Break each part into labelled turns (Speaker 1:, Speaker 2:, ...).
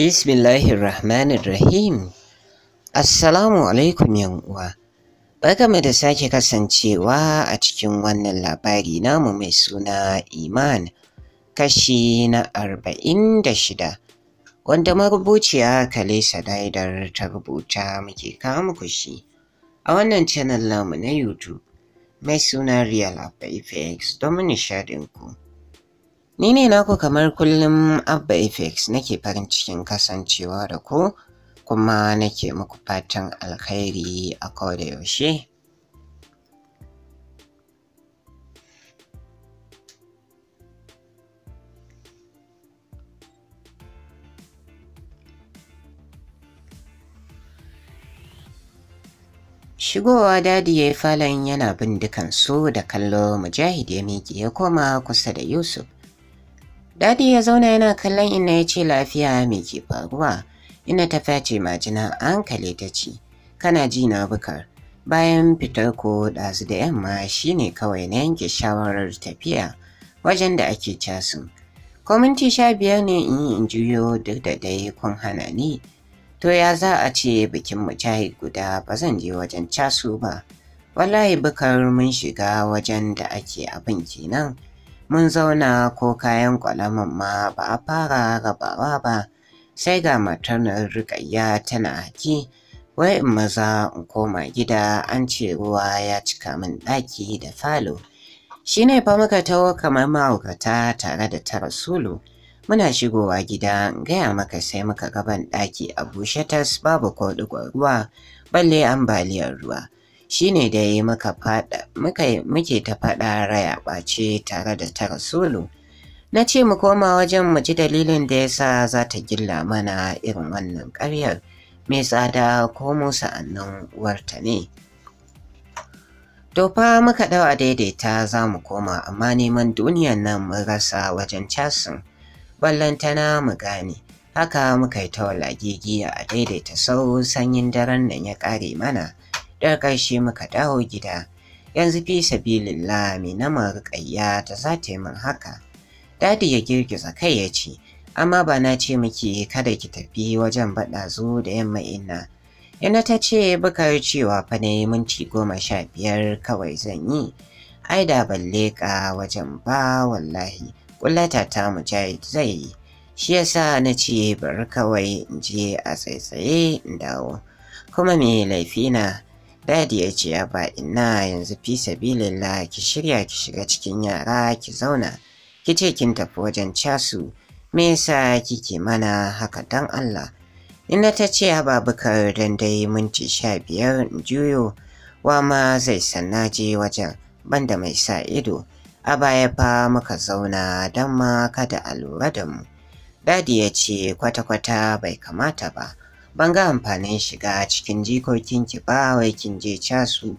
Speaker 1: Bismillahirrahmanirrahim. Assalamu alaikum uwa. mu da sake kasancewa a cikin wannan labari namu mai suna Iman kashi na arba'in da shida wanda marubuciya Kalesa Daidar ta rubuta muke kawo muku shi a wannan channel namu na YouTube mai suna Real After don domin ku. Ni ne naku kamar kullum Abba Effects nake farin cikin kasancewa da ku kuma nake muku fatan alkhairi a koda yaushe. Shigowa dadi ya yi falon yana bin dukansu da kallo mujahid ya miƙe ya koma kusa da Yusuf. Dadi ya zauna yana kallon ina ya ce lafiya me ke faruwa. Ina ta face majina a hankali ta ce, Kana ji na bukar. Bayan fitar ko ɗazu da yamma shi ne kawai na yanke shawarar tafiya wajen da ake casu. Kwaminti sha biyar ne in yi in juyo duk da dai kun hana ni. To ya za a ce bikin mucahi guda ba zan je wajen casu ba. Wallahi bukar mun shiga wajen da ake abin kenan. mun zauna ko kayan kwalaman ma ba a fara rabawa ba sai ga matar rikayya tana haki wai in maza in koma gida an ce ruwa ya cika min ɗaki da falo shi ne fa muka taho kamar ma'aurata tare da tara sulu muna shigowa gida in gaya maka sai muka gaban ɗaki a bushe tas babu ko ruwa balle ambaliyar ruwa shi ne da ya yi muka muke ta faɗa raya ɓace tare da tara solo. Na ce mu koma wajen mu ji dalilin da ya sa za ta gilla mana irin wannan ƙaryar mai tsada ko mu sa'annan warta ne. To fa muka dawa daidaita za mu koma amma neman duniyar nan mu rasa wajen casin. Ballantana mu gane. Haka muka yi ta walagigiya a daidaita sau sanyin daren nan ya ƙare mana. daga ƙarshe muka dawo gida yanzu fi sabilillah mai nama riƙayya ta za ta yi min haka dadi ya girgiza kai ya ce amma ba na ce miki kada ki tafi wajen baɗa zo da yamma ina yana ta ce bukari cewa fa na yi minti goma sha biyar kawai zan yi ai da ban leƙa wajen ba wallahi ƙullata ta mujahid zai yi shi yasa na ce bari kawai in je a tsaitsaye in dawo kuma me laifi na Daddy ya ce ya ba ina yanzu fi sabilillah ki shirya ki shiga cikin yara ki zauna ki ce kin tafi wajen casu me yasa kike mana haka dan Allah na ta ce babukar dan dai minti sha biyar in juyo wa ma zai sanna je wajen banda mai sa ido a baya fa muka zauna dan ma kada a lura da mu. Daddy ya ce kwata-kwata bai kamata ba. ban ga amfanin shiga cikin jikokinki ba wai kin je casu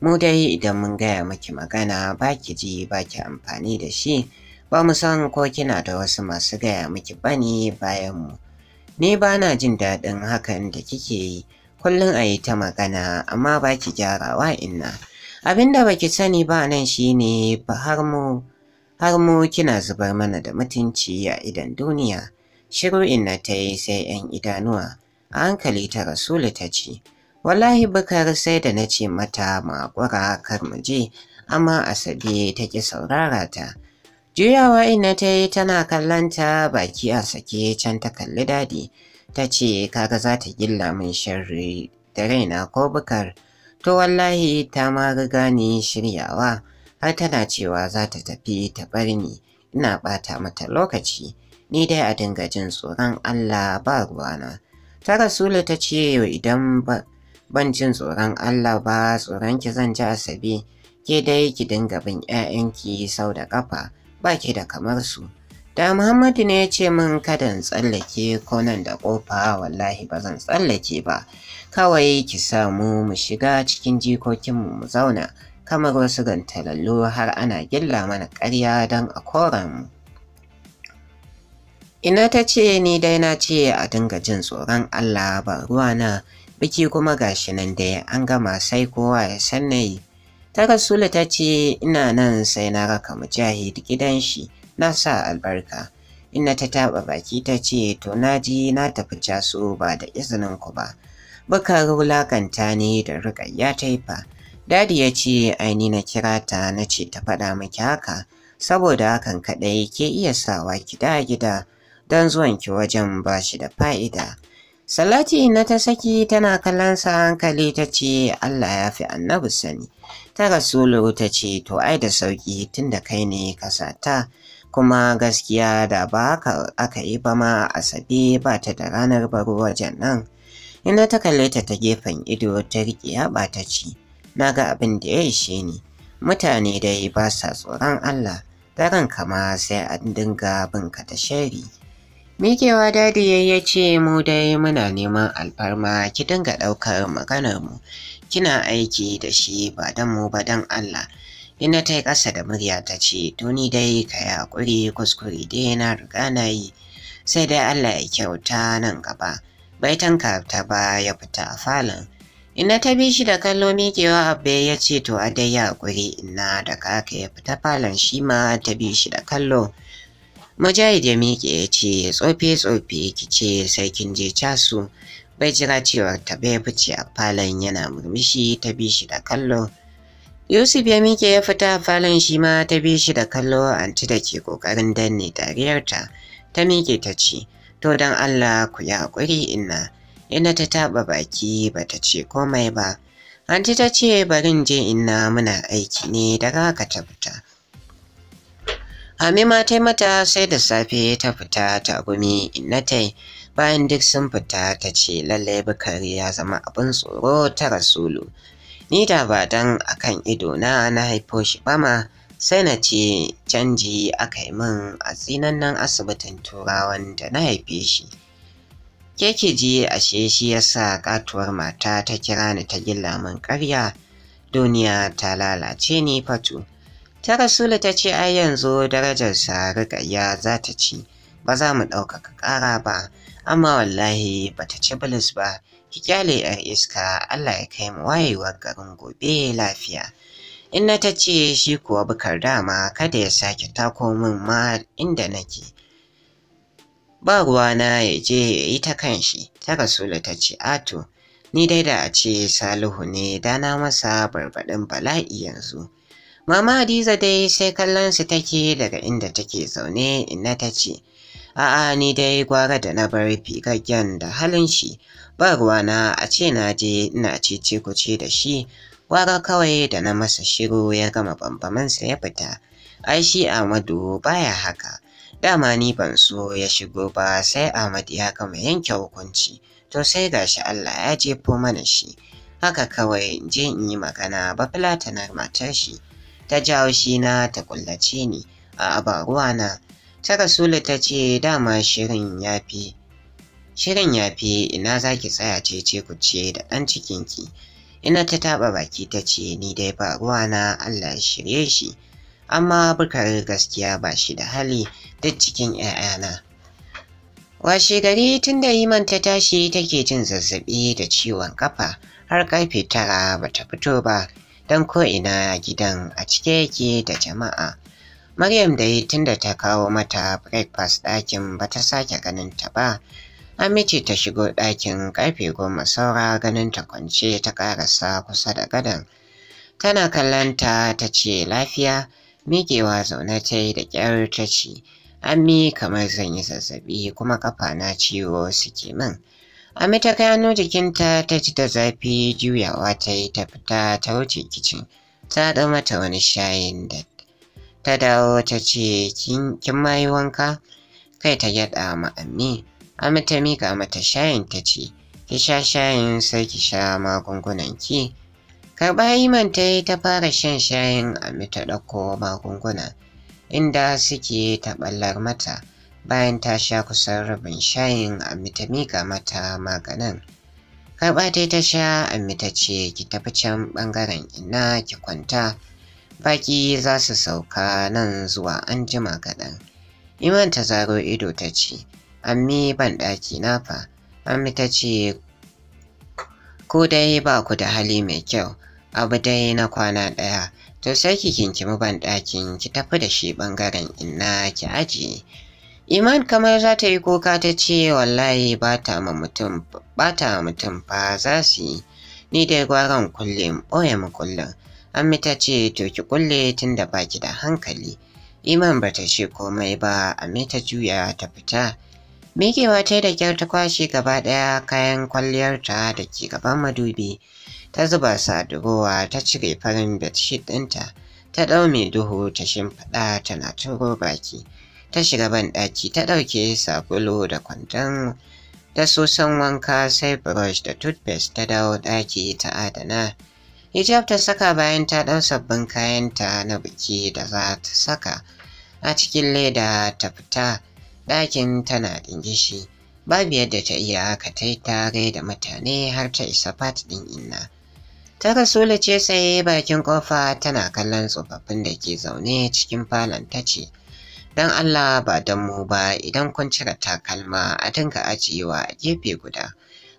Speaker 1: mu dai idan mun gaya miki magana ba ki ji ba ki amfani da shi ba mu san ko kina da wasu masu gaya miki bane bayan mu ni ba na jin daɗin hakan da kike yi kullum a yi ta magana amma ba ki gyarawa inna abinda ba ki sani ba nan shine ba har mu har mu kina zubar mana da mutunci a idan duniya shiru inna ta yi sai 'yan idanuwa a hankali ta rasulu ta ce wallahi bukar sai da na ce mata maƙura kar mu je amma asabe ta ki saurara ta juyawa ina ta yi tana kallanta baki a sake can ta kalli dadi ta ce kaga za ta gilla min sharri da raina ko bukar to wallahi ta ma riga ni shiryawa har tana cewa za ta tafi ta bar ni ina ɓata mata lokaci ni dai a dinga jin tsoron Allah ba ruwana Ta Rasulu ta ce idan ban jin tsoron Allah ba tsoron ki zan ji asabi ke dai ki dinga bin 'ya'yanki sau da ƙafa ba ki da kamar su. Da Muhammadu ne ya ce min kada in tsallake ko nan da ƙofa wallahi ba zan tsallake ba. Kawai ki samu mu shiga cikin jikokinmu mu zauna kamar wasu gantalallu har ana gilla mana ƙarya don a koren mu. Ina ta ce ni dai na ce a dinga jin tsoron Allah ba ruwa na biki kuma gashi nan dai an gama sai kowa ya san na yi. Ta rasula ta ce ina nan sai na raka mujahid gidan shi na sa albarka. Ina ta taɓa baki ta ce to na ji na tafi caso ba da izinin ku ba. Bukar wulakanta ne da rukayya ta yi fa. Dadi ya ce aini na kira ta na ce ta faɗa miki haka saboda hakan kaɗai ke iya sawa gida gida. don ki wajen ba shi da fa'ida. Salati na ta saki tana kallonsa hankali ta ce Allah ya fi annabi sani. Ta Rasulu ta ce to ai da sauki tun da kai ne kasata. kuma gaskiya da ba aka yi ba ma asabe ba ta da ranar baro wajen nan. Ina ta kalle ta ta gefen ido ta riƙe ya ɓata ci. Na ga abin da ya ishe ni. Mutane dai ba sa tsoron Allah. Daren kama sai an dinga bin ka ta shari. Mikewa dadi ya ya ce mu dai muna neman alfarma ki dinga ɗaukar maganar mu kina aiki da shi ba dan mu ba dan Allah. Ina ta yi ƙasa da murya ta ce to ni dai ka yi haƙuri kuskure dai na riga na yi sai dai Allah ya kyauta nan gaba. Bai tanka ta ba ya fita a falon. Ina ta bi shi da kallo Mikewa abbe ya ce to a dai ya haƙuri ina da kaka ya fita falon shi ma ta bi shi da kallo. Mujahid ya miƙe ya ce tsofe tsofe ki ce sai kin je casu bai jira cewar ta bai fice a falon yana murmushi ta bi shi da kallo. Yusuf ya miƙe ya fita falon shi ma ta bi shi da kallo anti da ke ƙoƙarin danne dariyarta ta miƙe ta ce to don Allah ku yi haƙuri ina. Ina ta taɓa baki bata ce komai ba. Anti ta ce barin je inna muna aiki ne daga ka ta Hamima ta mata sai da safe ta fita ta gumi na ta bayan duk sun fita ta ce lallai bukari ya zama abin tsoro ta rasulu. Ni da ba dan akan ido na na haifo shi ba ma sai na ce canji aka yi min a tsinannen asibitin turawan da na haife shi. Keke ji ashe shi yasa katuwar mata ta kira ni ta gilla min ƙarya duniya ta lalace ni fato. ta rasulu ta ce ai yanzu darajarsa rikayya za ta ci ba za mu ɗaukaka ƙara ba amma wallahi ba ta ci bilis ba ki kyale yar iska allah ya kai mu wayewar garin gobe lafiya inna ta ce shi kuwa bukar dama kada ya sake tako min ma inda nake ba ruwana ya je ya yi ta kan shi ta rasulu ta ce ato ni dai da a ce salihu ne dana masa barbaɗin bala'i yanzu Mama Hadiza dai sai kallon su take daga inda take zaune inna ta ce, A'a ni dai gwara da na bar figaggen da halin shi, ba na, a ce na je ina cece kuce da shi, gwara kawai da na masa shiru ya gama bambamansa ya fita, ai shi Ahmadu baya haka. Dama ni ban so ya shigo ba sai Ahmad ya gama yanke hukunci, to sai gashi Allah ya jefo mana shi. Haka kawai je in yi magana ba filatanar matar shi. ta shi na ta kullace ni a na. Ta Rasulu ta ce dama shirin ya fi. Shirin ya fi ina za ki tsaya ce ce ku ce da ɗan cikinki. Ina ta taɓa baki ta ce ni dai ba ruwa na. Allah ya shirye shi. Amma bukar gaskiya ba shi da hali duk cikin ‘ya'yana. Washe gari tun da Iman ta tashi take jin zazzaɓi da ciwon kafa har ƙarfe tara bata fito ba. don ko'ina gidan a cike yake da jama'a. Maryam dai tunda ta kawo mata breakfast ɗakin ba ta sake ganin ta ba. Amici ta shigo ɗakin ƙarfe goma saura ganin ta kwance ta ƙarasa kusa da gadon. Tana kallon ta ta ce lafiya Mikewa zaune ta yi da ƙyar ta ce. mi kamar zan yi zazzaɓi kuma ƙafa na ciwo suke min. Ami ta jikinta ta ci da zafi juyawa ta yi ta fita ta wuce kicin ta ɗau mata wani shayin da ta dawo ta ce kin ma yi wanka kai ta gyaɗa ma ammi Ami ta miƙa mata shayin ta ce ki sha shayin sai ki sha magungunan ki karɓa iman ta yi ta fara shan shayin Ami ta ɗauko magunguna inda suke taɓallar mata. bayan ta sha kusan rabin shayin Amita mika mata maganin karɓa ta ta sha Amita ce ki tafi can ɓangaren ina ki kwanta baƙi za su sauka nan zuwa an jima kaɗan iman ta zaro ido ta ce ammi ban ɗaki na fa Amita ce ko dai ba ku da hali mai kyau abu dai na kwana ɗaya to sai ki kinkimi ban ɗakin ki tafi da shi ɓangaren ina ki ajiye Iman kamar za ta yi kuka ta ce wallahi ba ta mutum fa za su yi. Ni dai gwaron kulle ɓoye mu kullum. Ammi ta ce to ki kulle tun da ba ki da hankali. Iman ba ta ce komai ba Ammi ta juya ta fita. Mikewa ta da kyar ta kwashe gaba ɗaya kayan kwalliyarta da ke gaban madubi. Ta zuba su ta cire farin bedsheet ɗinta. Ta ɗau mai duhu ta shimfiɗa tana turo baki. ta shiga banɗaki ta ɗauke sabulu da kwandon da sosan wanka sai brush da toothpaste ta dawo ɗaki ta adana. Hijab ta saka bayan ta ɗau sabbin kayanta na biki da za ta saka a cikin leda ta fita ɗakin tana ɗingishi. Babu yadda ta iya haka ta tare da mutane har ta isa fat ɗin inna. Ta rasu ce tsaye bakin ƙofa tana kallon tsofaffin da ke zaune cikin falon ta ce, dan Allah ba don mu ba idan kun cire takalma a dinga ajiyewa a gefe guda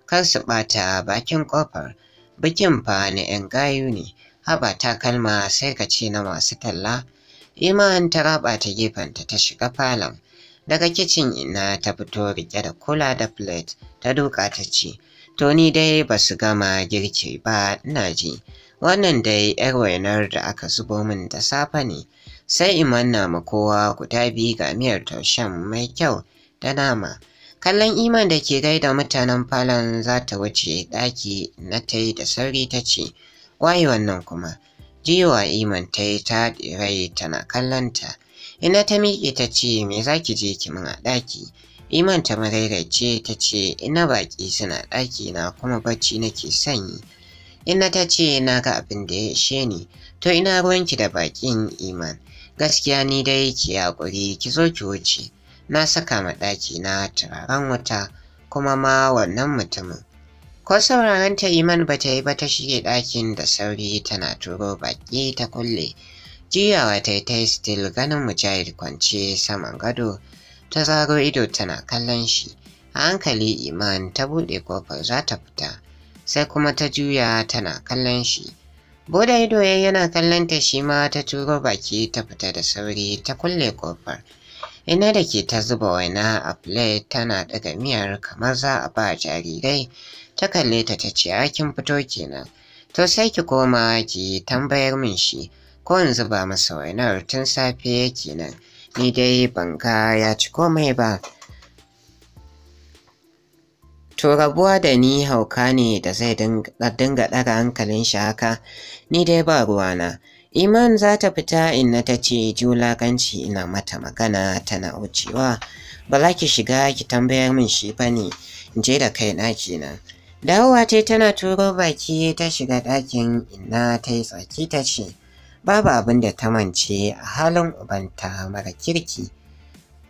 Speaker 1: kar su ɓata bakin ƙofar bikin fa na 'yan gayu ne haba takalma sai ka ce na masu talla iman ta raba ta gefenta ta shiga falon daga kicin ina ta fito riƙe da kula da plate ta duka ta ce to ni dai ba su gama girki ba ina ji wannan dai yar wainar da aka zubo min da safe ne sai iman na ma kowa guda biyu ga miyar taushen mai kyau ta nama. Kallon Iman da ke gaida mutanen falon za ta wuce ɗaki na ta yi da sauri ta ce, waye wannan kuma. Jiwa Iman ta yi ta rai tana kallonta. Ina ta miƙe ta ce, me za ki je ki min a ɗaki? Iman ta marairaice ta ce, ina baƙi suna ɗaki na kuma bacci nake sanyi. Ina ta ce, na ga abin da ya ishe ni, to ina ruwanki da baƙin Iman. Gaskiya ni dai ki haƙuri ki zo ki wuce. Na saka ma ɗaki na turaren wuta kuma ma wannan mutumin. Ko sauraron ta Iman ba ta yi ba ta shige ɗakin da sauri tana turo baƙi ta kulle. jiyawa ta yi ta still ganin mujahid kwance saman gado ta zaro ido tana kallon shi. A hankali Iman ta buɗe kofar za ta fita sai kuma ta juya tana kallon shi. boda ido ya yana kallon ta shi ma ta turo baki ta fita da sauri ta kulle kofar. Ina da ke ta zuba waina a plate tana daga miyar kamar za a ba jarirai ta kalle ta ta ce kin fito kenan. To sai ki koma ki tambayar min shi ko in zuba masa wainar tun safe kenan. Ni dai ban ga ya ci komai ba. To rabuwa da ni hauka ne da zai dinga ɗaga hankalin shi haka, ni dai ba ruwana. Iman za ta fita in na ta ce julakanci ina mata magana tana wucewa. Ba ki shiga ki tambayar min shi ba ne, in je da kai ɗaki na. Dawowa ce tana turo baki ta shiga ɗakin inna ta yi tsaki ta ce, babu abin da ta mance a halin ubanta mara kirki.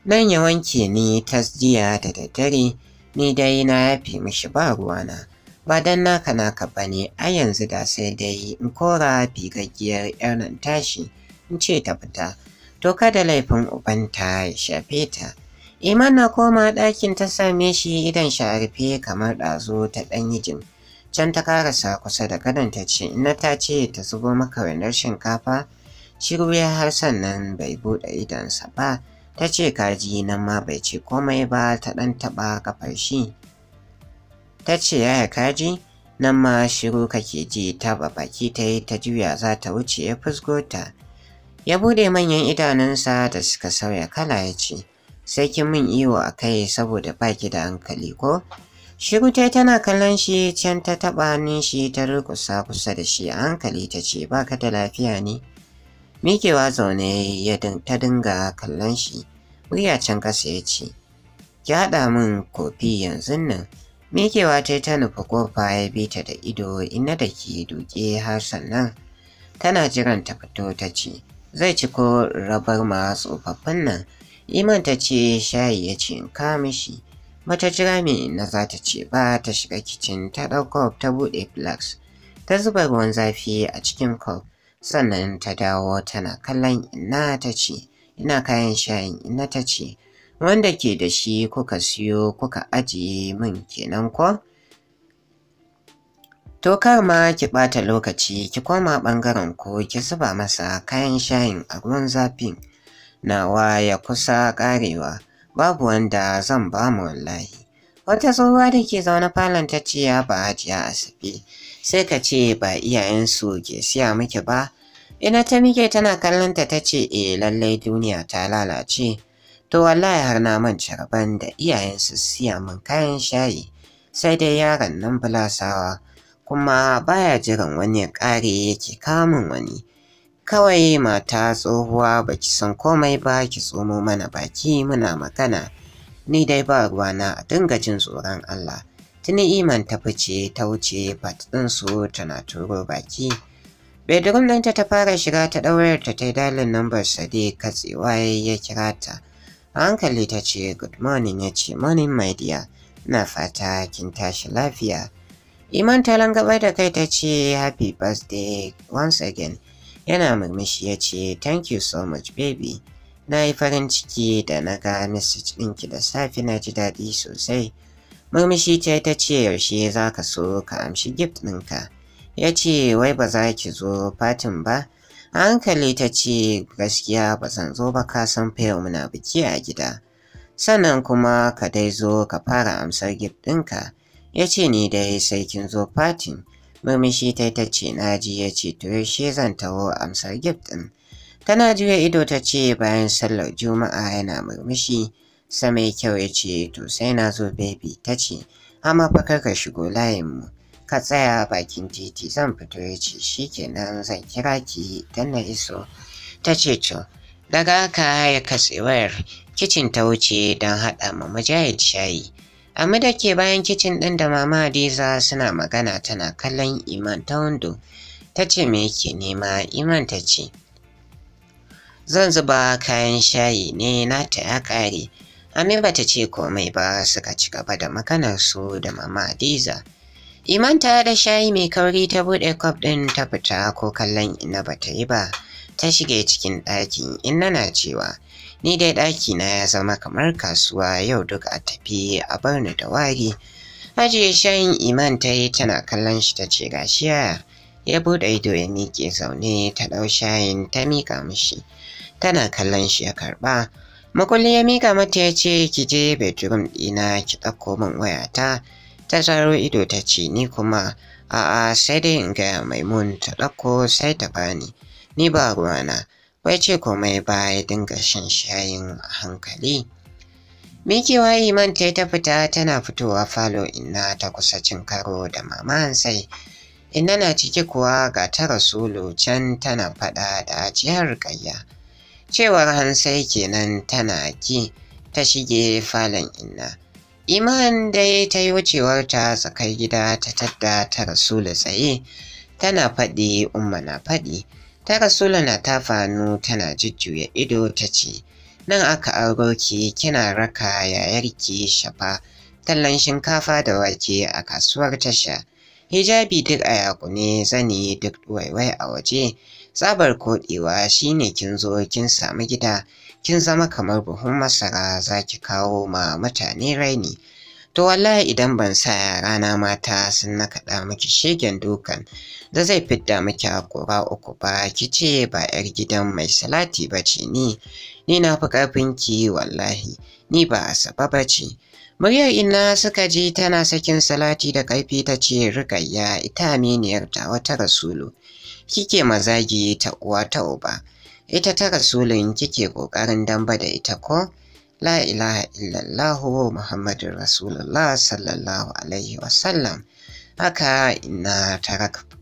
Speaker 1: Nan ya wanke ni tasdiya da daddare ni dai na yafe mishi ba ruwana. Ba dan naka naka ba ne, a yanzu da sai dai in kora bigaggiyar 'yar nan tashi, in ce ta fita, to kada laifin ubanta ya shafe ta. Iman na koma ɗakin ta same shi idan sha rufe kamar ɗazu ta ɗan yijin. Can ta karasa kusa da gadon ta ce, na ta ce ta zubo maka wainar shinkafa, shiru ya har sannan bai buɗe idonsa ba. ta ce kaji nan ma bai ce komai ba ta ɗan taɓa kafar shi ta ce yaya kaji nan ma shiru kake ji ta baki ta yi ta juya za ta wuce ya fuskota ya buɗe manyan idanunsa da suka sauya kala ya ce sai kin min iwo a kai saboda baki da hankali ko shiru ta tana kallon shi can ta taɓa hannun ta rukusa kusa da shi a hankali ta ce baka da lafiya ne Mikewa zaune ya ta dinga kallon shi, murya can ƙasa ya ce, Ki haɗa min kofi yanzu nan. Mikewa ta ta nufa kofa ya bi ta da ido ina da ke duke har sannan. Tana jiran ta fito ta ce, Zai ci ko rabar ma tsofaffin nan. Iman ta ce shayi ya ce in ka mishi. jira me na za ta ce ba ta shiga kicin ta ɗauko ta buɗe flask. Ta zuba ruwan zafi a cikin kofi. sannan ta dawo tana kallon ina ta ce ina kayan shayin ina ta ce wanda ke da shi kuka siyo kuka ajiye min kenan ko to kar ma ki ɓata lokaci ki koma ɓangaren ko ki zuba masa kayan shayin a ruwan zafin nawa ya kusa ƙarewa babu wanda zan ba mu wallahi wata tsohuwa da ke zaune falon ta ce ya ba hajiya asabe sai ka ce ba iyayensu ke siya miki ba Ina ta mike tana kallon ta tace ce eh lallai duniya ta lalace. To wallahi har na man rabon da iyayensu siya min kayan shayi sai dai yaron nan bulasawa kuma baya jiran wani ya ƙare yake kamun wani. Kawai mata tsohuwa baki san komai ba ki tsomo mana baki muna magana. Ni dai ba ruwana a dinga jin tsoron Allah. Tuni iman ta fice ta wuce fat su tana turo baki. bedroom ɗinta ta fara shiga ta ɗaurar ta yi dalin nambar Sadiq katsewa ya kira ta. A hankali ta ce good morning ya ce morning my dear. Na fata kin tashi lafiya. Iman ta langaba da kai ta ce happy birthday once again. Yana murmushi ya ce thank you so much baby. Na yi farin ciki da na ga message ɗinki da safe na ji daɗi sosai. Murmushi ta ta ce yaushe za ka so ka amshi gift ɗinka. ya ce wai ba za ki zo fatin ba a hankali ta ce gaskiya ba zan zo ba ka san fa muna biki a gida sannan kuma ka dai zo ka fara amsar gift ɗinka ya ce ni dai sai kin zo fatin murmushi ta ta ce ji ya ce to yaushe zan taho amsar gift ɗin tana juya ido ta ce bayan sallar juma'a yana murmushi sa mai kyau ya ce to sai na zo bebi ta ce amma fa kar ka shigo layinmu ka tsaya bakin titi zan fito ya ce shi kenan zan kira ki dan na iso ta ce to daga haka ya katse wayar kicin ta wuce don haɗa ma mujahid shayi amma da ke bayan kicin ɗin da mama Hadiza suna magana tana kallon iman ta wando ta ce me yake nema iman ta ce zan zuba kayan shayi ne na ta ya ƙare ba ta ce komai ba suka ci gaba da maganar su da mama Hadiza. Iman ta da shayi mai kauri ta buɗe kwaf ɗin ta fita ko kallon ina ba ta yi ba. Ta shige cikin ɗaki in na cewa ni dai ɗaki na ya zama kamar kasuwa yau duk a tafi a bar ni da wari. Ajiye shayin Iman ta yi tana kallon shi ta ce gashi yaya. ya buɗe ido ya miƙe zaune ta ɗau shayin ta miƙa mishi tana kallon shi ya karɓa makulli ya mika mata ya ce ki je bedroom ɗina ki ɗauko min wayata ta zaro ido ta ce ni kuma a'a sai dai in gaya mai mun ta ɗauko sai ta bani ni ba ruwana bai ce komai ba ya dinga shan shayin hankali wayi man ta ta fita tana fitowa falo inna ta kusa cin karo da mama sai inna na ciki kuwa ga ta rasulu can tana faɗa da ajiyar kayya cewar hansai kenan tana ki ta shige falon inna Iman dai ta yi wucewarta kai gida ta tadda ta rasula tsaye, tana faɗi umma na faɗi, ta rasula na ta fanu tana jujjuya ido ta ce, Nan aka auro ki kina raka yayarki shafa, tallan shinkafa da wake a kasuwar tasha. Hijabi duk a yakune zani duk waiwai a waje, tsabar koɗewa shine kin zo kin samu gida kin zama kamar buhun masara za ki kawo ma mutane raini. To wallahi idan ban sa rana mata sun nakaɗa miki shegen dukan da zai fidda miki hakora uku ba ki ce ba 'yar gidan mai salati ba ce ni, ni na fi ƙarfinki wallahi, ni ba asaba ba ce. Muryar ina suka ji tana sakin salati da ƙarfi ta ce rigayya ita aminiyar ta wata rasulu. Kike mazagi ta uwa ta uba. ita ta rasulun kike ƙoƙarin damba da ita ko la ilaha illallahu muhammadur rasulullah sallallahu alaihi wasallam haka ina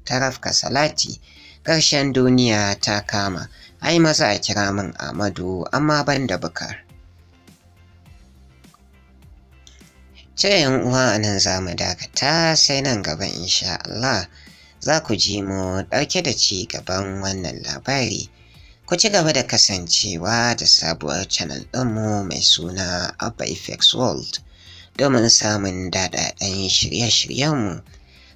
Speaker 1: tarafka salati ƙarshen duniya ta kama ai maza a kira min amadu amma ban da bukar ce yan uwa a nan za mu dakata sai nan gaba insha Allah za ku ji mu ɗauke da ci gaban wannan labari Ku ci gaba da kasancewa da sabuwar channel ɗinmu mai suna Abba Effects World domin samun daɗaɗen shirye-shiryenmu.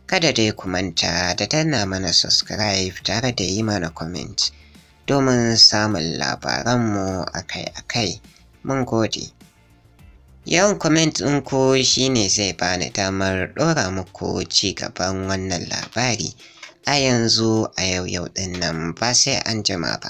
Speaker 1: Kada dai ku manta da tana mana subscribe tare da yi mana comment domin samun labaranmu akai-akai. Mun gode. Yawan comment ɗinku shi ne zai bani damar ɗora muku ci gaban wannan labari. A yanzu a yau yau ɗin nan ba sai an jima ba.